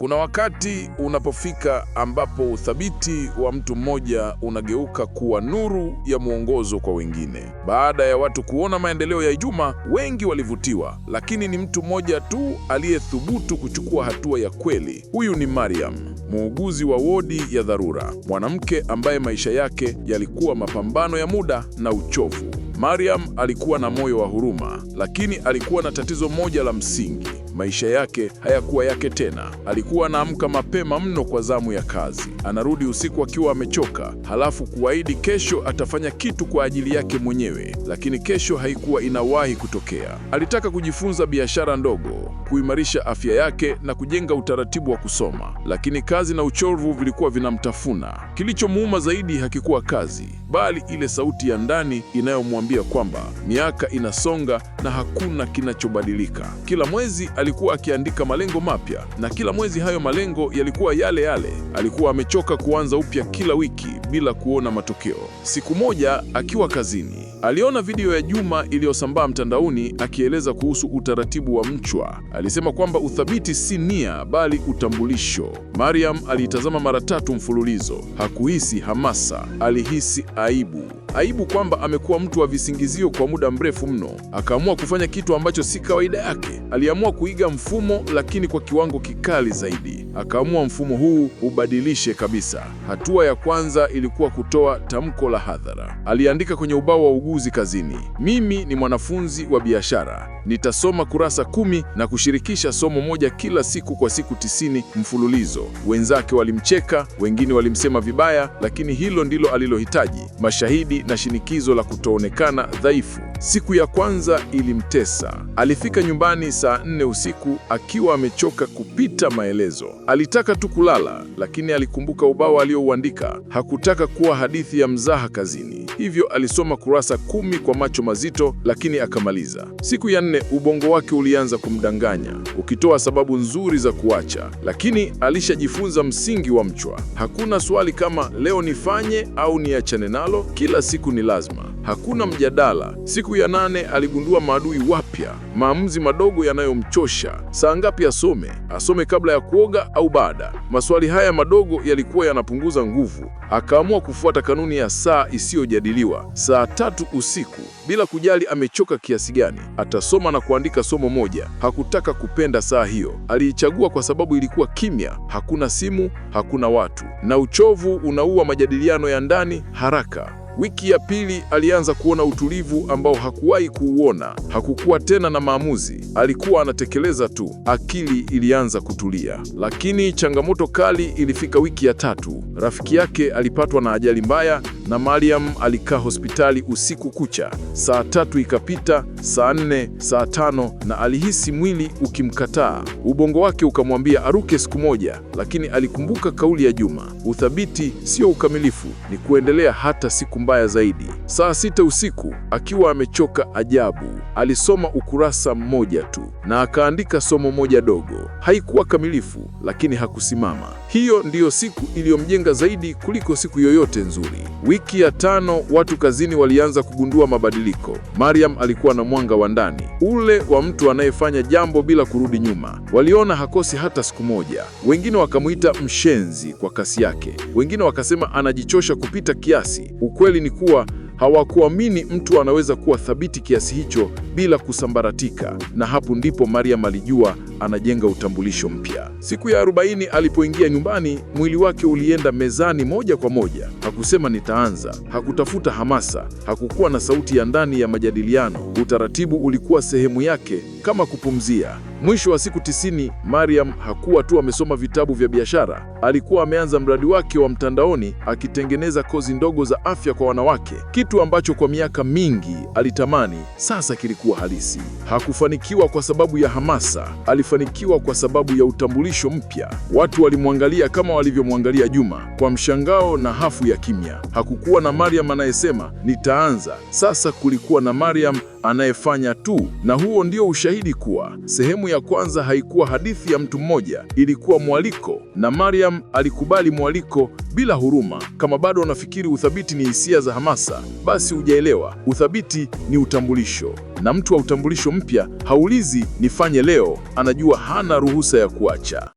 Kuna wakati unapofika ambapo uthabiti wa mtu mmoja unageuka kuwa nuru ya mwongozo kwa wengine. Baada ya watu kuona maendeleo ya Juma, wengi walivutiwa, lakini ni mtu mmoja tu aliyethubutu kuchukua hatua ya kweli. Huyu ni Mariam, muuguzi wa wodi ya dharura, mwanamke ambaye maisha yake yalikuwa mapambano ya muda na uchovu. Mariam alikuwa na moyo wa huruma, lakini alikuwa na tatizo moja la msingi. Maisha yake hayakuwa yake tena. Alikuwa anaamka mapema mno kwa zamu ya kazi, anarudi usiku akiwa amechoka, halafu kuahidi kesho atafanya kitu kwa ajili yake mwenyewe, lakini kesho haikuwa inawahi kutokea. Alitaka kujifunza biashara ndogo, kuimarisha afya yake na kujenga utaratibu wa kusoma, lakini kazi na uchovu vilikuwa vinamtafuna. Kilichomuuma zaidi hakikuwa kazi bali ile sauti ya ndani inayomwambia kwamba miaka inasonga na hakuna kinachobadilika. Kila mwezi alikuwa akiandika malengo mapya, na kila mwezi hayo malengo yalikuwa yale yale. Alikuwa amechoka kuanza upya kila wiki bila kuona matokeo. Siku moja akiwa kazini, aliona video ya Juma iliyosambaa mtandaoni akieleza kuhusu utaratibu wa mchwa. Alisema kwamba uthabiti si nia, bali utambulisho. Mariam aliitazama mara tatu mfululizo. Hakuhisi hamasa, alihisi aibu. Aibu kwamba amekuwa mtu wa visingizio kwa muda mrefu mno. Akaamua kufanya kitu ambacho si kawaida yake. Aliamua kuiga mfumo, lakini kwa kiwango kikali zaidi akaamua mfumo huu ubadilishe kabisa. Hatua ya kwanza ilikuwa kutoa tamko la hadhara. Aliandika kwenye ubao wa uguzi kazini, mimi ni mwanafunzi wa biashara, nitasoma kurasa kumi na kushirikisha somo moja kila siku kwa siku tisini mfululizo. Wenzake walimcheka, wengine walimsema vibaya, lakini hilo ndilo alilohitaji: mashahidi na shinikizo la kutoonekana dhaifu. Siku ya kwanza ilimtesa. Alifika nyumbani saa nne usiku akiwa amechoka kupita maelezo. Alitaka tu kulala, lakini alikumbuka ubao aliouandika. Hakutaka kuwa hadithi ya mzaha kazini hivyo alisoma kurasa kumi kwa macho mazito, lakini akamaliza. Siku ya nne, ubongo wake ulianza kumdanganya ukitoa sababu nzuri za kuacha, lakini alishajifunza msingi wa mchwa. Hakuna swali kama leo nifanye au niachane nalo, kila siku ni lazima. Hakuna mjadala. Siku ya nane, aligundua maadui wapya, maamuzi madogo yanayomchosha. Saa ngapi asome? Asome kabla ya kuoga au baada? Maswali haya madogo yalikuwa yanapunguza nguvu. Akaamua kufuata kanuni ya saa isiyojadili kujadiliwa saa tatu usiku, bila kujali amechoka kiasi gani. Atasoma na kuandika somo moja. Hakutaka kupenda saa hiyo, aliichagua kwa sababu ilikuwa kimya, hakuna simu, hakuna watu, na uchovu unaua majadiliano ya ndani haraka. Wiki ya pili alianza kuona utulivu ambao hakuwahi kuuona. Hakukuwa tena na maamuzi, alikuwa anatekeleza tu. Akili ilianza kutulia, lakini changamoto kali ilifika wiki ya tatu. Rafiki yake alipatwa na ajali mbaya na Mariam alikaa hospitali usiku kucha. Saa tatu ikapita, saa nne, saa tano, na alihisi mwili ukimkataa. Ubongo wake ukamwambia aruke siku moja, lakini alikumbuka kauli ya Juma, uthabiti sio ukamilifu, ni kuendelea hata siku mbaya zaidi. Saa sita usiku akiwa amechoka ajabu, alisoma ukurasa mmoja tu na akaandika somo moja dogo. Haikuwa kamilifu, lakini hakusimama. Hiyo ndiyo siku iliyomjenga zaidi kuliko siku yoyote nzuri. Wiki Wiki ya tano watu kazini walianza kugundua mabadiliko. Mariam alikuwa na mwanga wa ndani, ule wa mtu anayefanya jambo bila kurudi nyuma. Waliona hakosi hata siku moja. Wengine wakamwita mshenzi kwa kasi yake, wengine wakasema anajichosha kupita kiasi. Ukweli ni kuwa Hawakuamini mtu anaweza kuwa thabiti kiasi hicho bila kusambaratika, na hapo ndipo Mariam alijua anajenga utambulisho mpya. Siku ya arobaini alipoingia nyumbani, mwili wake ulienda mezani moja kwa moja. Hakusema nitaanza, hakutafuta hamasa, hakukuwa na sauti ya ndani ya majadiliano. Utaratibu ulikuwa sehemu yake, kama kupumzia. Mwisho wa siku tisini, Mariam hakuwa tu amesoma vitabu vya biashara, alikuwa ameanza mradi wake wa mtandaoni akitengeneza kozi ndogo za afya kwa wanawake, kitu ambacho kwa miaka mingi alitamani sasa kilikuwa halisi. Hakufanikiwa kwa sababu ya hamasa, alifanikiwa kwa sababu ya utambulisho mpya. Watu walimwangalia kama walivyomwangalia Juma, kwa mshangao na hafu ya kimya. Hakukuwa na Mariam anayesema nitaanza. Sasa kulikuwa na Mariam anayefanya tu. Na huo ndio ushahidi kuwa sehemu ya kwanza haikuwa hadithi ya mtu mmoja, ilikuwa mwaliko, na Mariam alikubali mwaliko bila huruma. Kama bado unafikiri uthabiti ni hisia za hamasa, basi hujaelewa. Uthabiti ni utambulisho, na mtu wa utambulisho mpya haulizi nifanye leo, anajua hana ruhusa ya kuacha.